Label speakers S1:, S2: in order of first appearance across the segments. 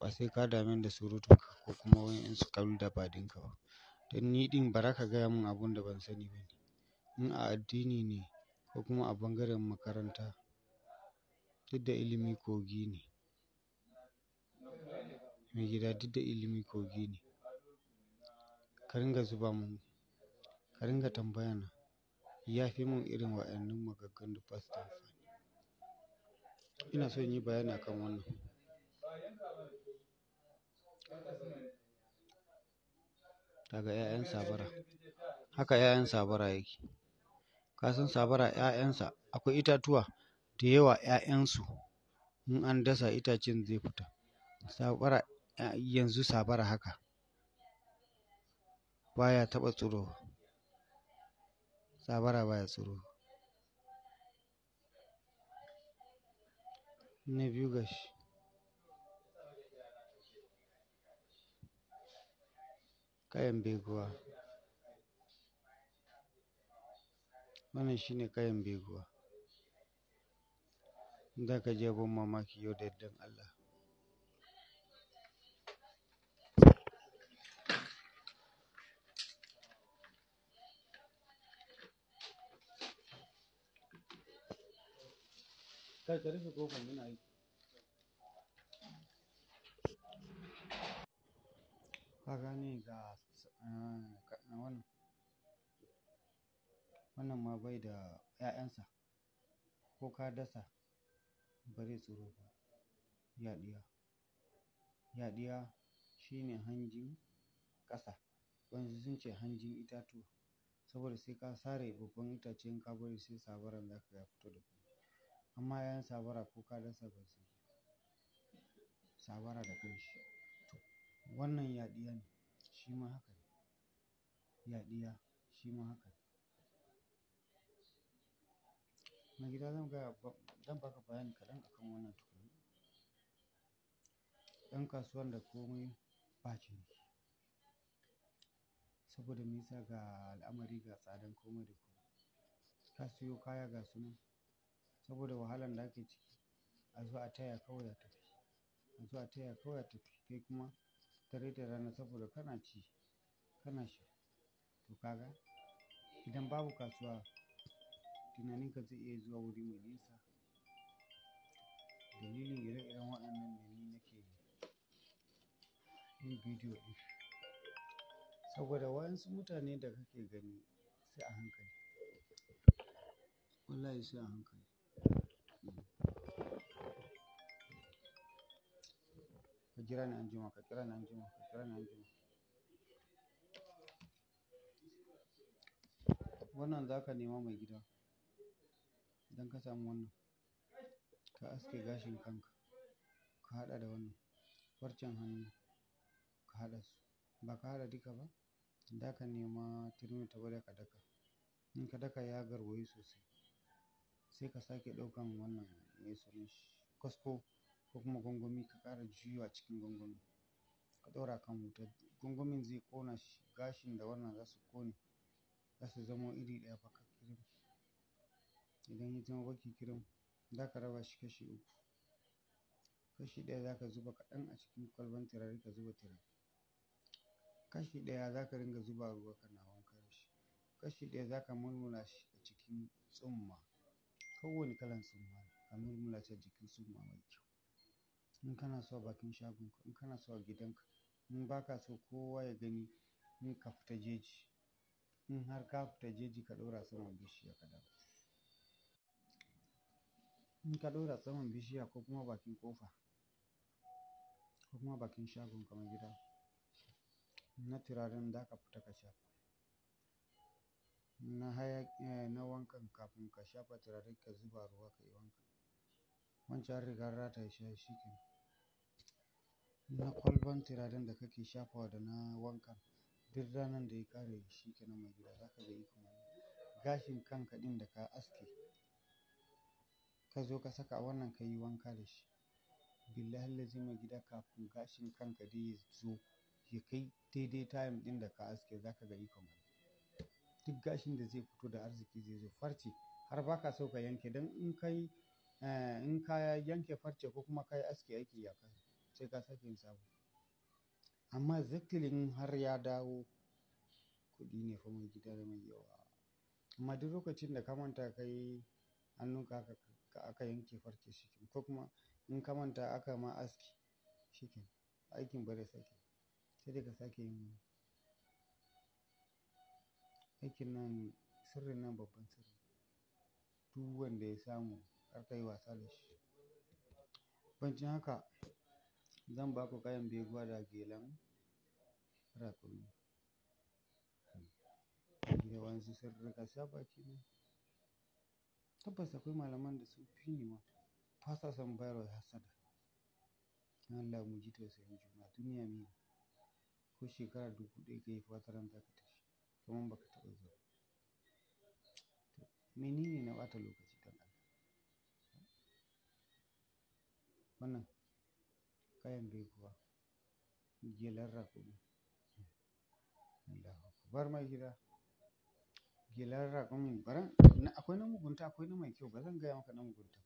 S1: ba sai ka dame da da ka ko kuma wani waƴansu da ba. ba, don ni ɗin ba za ka gaya min abin da ban sani ba ne. In a addini ne ko kuma a bangaren makaranta, duk da ilimi kogi ne. Maigida duk da ilimi kogi ne. Ka ringa zuba mun, ka ringa tambaya na. Ya fi mun irin waƴannan maganganun ba da amfani. Ina so in yi bayani akan wannan. daga 'ya'yan sabara haka 'ya'yan sabara yake kasan sabara 'ya'yansa akwai itatuwa da yawa 'ya'yansu in an dasa itacen zai fita sabara yanzu sabara haka baya taɓa tsirowa sabara baya tsirowa na biyu gashi Kayan beguwa. Wannan shine kayan beguwa. Za ka je abin mamaki yau da yardan Allah. rufe Kaga ga, eh, wannan, wannan ma bai da 'ya'yansa ko ka dasa ba zai tsiro ba. Yaɗiya, yaɗiya ne hanjin ƙasa. Waɗansu sun ce hanjin itatuwa saboda sai ka sare babban itace in ka bari sai sabaran za ka ga fito da kai. Amma 'ya'yan sabara ko ka dasa ba zai yi ba. Sabara da kanshi. Wannan yaɗiya ne, shi ma haka ne. Yaɗiya, shi ma haka ne. gida zan gaya ba, zan baka bayani kaɗan akan wannan tukuna. Ɗan kasuwan da komai ba ciniki. Saboda me yasa ga al'amari ga tsadan komai da komai. Ka siyo kaya ga su nan saboda wahalan da ake ciki. A zo a taya kawai a tafi, a zo a taya kawai a tafi kai kuma. dare da rana saboda kana ci kana sha to kaga idan babu kasuwa tunaninka zai iya zuwa wuri mai nisa dalilin ire-iren waɗannan da ni nake yin bidiyo ɗin saboda waɗansu mutane da kake gani sai a hankali wallahi sai a hankali kira ni anjima ka kira ni anjima ka kira ni anjima wannan za ka nema mai gida idan ka samu wannan ka aske gashin kanka ka haɗa da wannan farcen hannu ka hada su ba ka haɗa duka ba da ka nema turmi ta tawada ka daka in ka daka ya garwayi sosai sai ka sake ɗaukan wannan mai sunan shi ko kuma gwangwami ka ƙara a cikin gwangwami ka ɗora kan wuta gwangwamin zai ƙona shi gashin da wannan za su ƙone za su zamo iri ɗaya baka kirim idan ya zama baki kirim za ka raba shi kashi uku kashi ɗaya za ka zuba kaɗan a cikin kwalban turare ka zuba turare kashi ɗaya za ka ringa zuba ruwa kana wanka da shi kashi ɗaya za ka mulmula shi a cikin tsumma kowane kalan tsumma ka mulmula shi a jikin tsumma mai kyau in kana so a bakin shagon ka in kana so a gidanka in baka so kowa ya gani in ka fita jeji in har ka fita jeji ka ɗora saman bishiya ka dawo in ka ɗora saman bishiya ko kuma bakin ƙofa ko kuma bakin shagon kamar gida na turaren da ka fita ka shafa na hayaƙi eh, na wankan kafin ka shafa turaren ka zuba ruwa ka yi wanka wancan rigar ya sha shi kenan na kwalban turaren da kake shafawa da na wankan duk ranar da ya ƙare shi kenan mai gida za ka ga ikon gashin kanka ɗin da ka aske ka zo ka saka wannan ka yi wanka da shi billahi lazi mai gida kafin gashin kanka dai ya zo ya kai daidai tayim ɗin da ka aske za ka ga ikon duk gashin da zai fito da arziki zai zo farce har ba ka so ka yanke don in ka yi Eh, in ka yanke farce ko kuma ka yi aski aiki ya kare sai ka sake yin sabo amma zikirin har ya dawo kuɗi ne fa mai gida da mai yawa amma duk lokacin da ka manta ka yi hannunka ka aka yanke farce shi ko kuma in ka manta aka ma aski shi aikin ba da sake sai dai ka sake yin aikin nan sirrin nan babban sirri duk wanda ya samu kar yi wasa da shi. Bancin haka zan ba ku ƙayan beguwa da gelan rakumi. Da waɗansu shafa shaɓaki ne. Tabbas akwai malaman da sun fi ni ma basa san bayarwa hassada. Allah mu ji tausayin juna duniya mene? Ko shekara dubu ɗaya ke yi wata ta ka tashi kaman ba ka taɓa zuwa menene na ɓata lokaci? wannan kayan bai kuwa gelar rakumi bar mai gida gelar rakumi baran akwai na mugunta akwai na mai kyau ba zan gaya maka na mugunta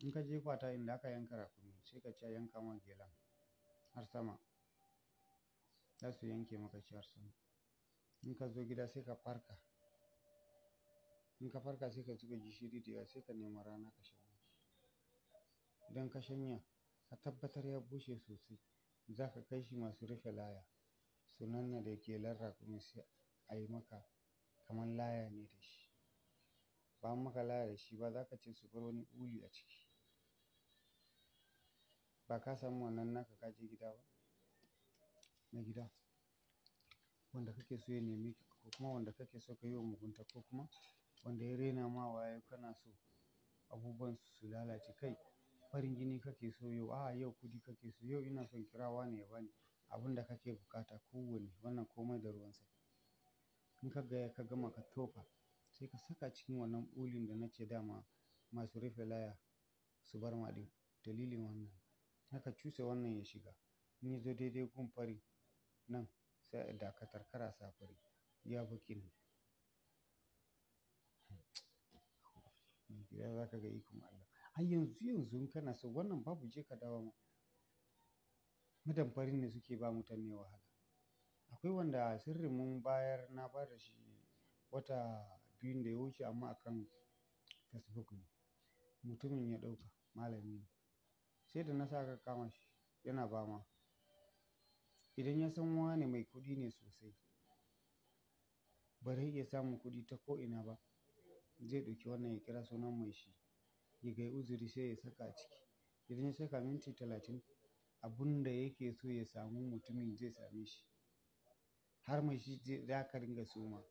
S1: in ka je kwata inda aka yanka rakumi sai ka ce a yanka ma gelan har sama za su yanke maka shi har sama in ka zo gida sai ka farka in ka farka sai ka zuba gishiri da yawa sai ka nemi rana ka sha idan ka shanya ka tabbatar ya bushe sosai za ka kai shi masu rufe laya Sunan na da gelar raƙumi sai a maka kamar laya ne da shi ba maka laya da shi ba za ka ce su bar wani uli a ciki ba ka samu wannan naka ka je gida ba na gida wanda kake so ya nemi ko kuma wanda kake so ka yi wa mugunta ko kuma wanda ya raina ma ya kana so abubuwan su lalace kai farin jini kake so yau, a'a yau kudi kake so, yau ina son kira wane ya bani abin da kake buƙata kowane wannan komai da ruwansa. In ka gaya ka gama ka tofa sai ka saka cikin wannan ulin da na dama masu rufe laya su bar ma ɗin dalilin wannan. Haka cusa wannan ya shiga in ya zo daidai gun fari nan sai a dakatar kar a sa fari Ya baƙi ne. Mai gida za ka ga ikon Allah. har yanzu yanzu kana so wannan babu je ka dawo ma madamfarin ne suke ba mutane wahala akwai wanda sirrin mun bayar na bada shi wata biyun da ya wuce amma akan facebook ne mutumin ya ɗauka malami ne sai da na sa ka kama shi yana ba ma idan ya san wane mai kuɗi ne sosai ba zai iya samun kuɗi ta ko ina ba zai ɗauki wannan ya kira sunan mai shi ya ga uzuri sai ya saka ciki idan ya saka minti talatin abun da yake so ya samu mutumin zai same shi har mai shi za ka ringa soma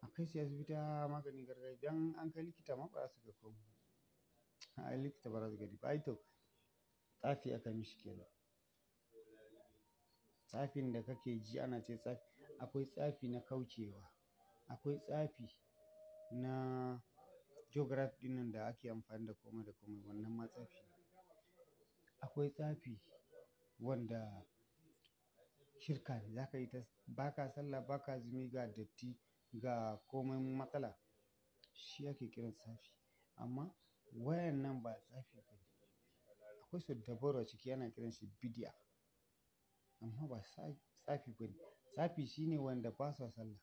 S1: a kai shi asibita maganin gargajiya don an kai likita ma ba su ga komai a likita ba za su gani ba ai to tsafi aka mishi kenan tsafin da kake ji ana ce tsafi akwai tsafi na kaucewa akwai tsafi na geograph dinnan da ake amfani da komai da komai wannan ma tsafi ne. Akwai tsafi wanda shirka ne za ka yi ta ba ka sallah ba ka azumi ga datti ga komai matsala shi ake kiran tsafi. Amma wayan nan ba tsafi ba ne. Akwai su a ciki ana shi bidiya amma ba tsafi ba ne. Tsafi shine wanda ba sa sallah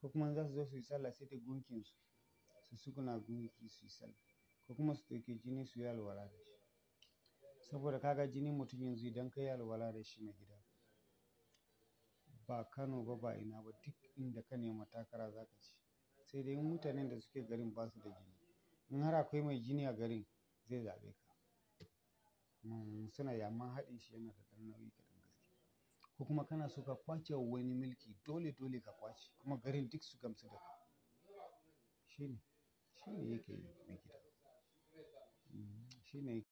S1: ko kuma in za su zo su yi sallah sai dai gunkin su. su sukuna gunki su yi ko kuma su ɗauki jini su yi alwala da shi saboda kaga jinin mutum yanzu idan ka yi alwala da shi mai gida ba Kano ba ba ina ba duk inda ka nema takara za ka ci sai dai mutanen da suke garin ba su da jini in har akwai mai jini a garin zai zaɓe ka suna amma haɗin shi yana da ɗan nauyi kaɗan gaske ko kuma kana so ka kwace wani milki? dole dole ka kwace kuma garin duk su gamsu da ka shi shi ne yake yi gida. Mm, shi ne.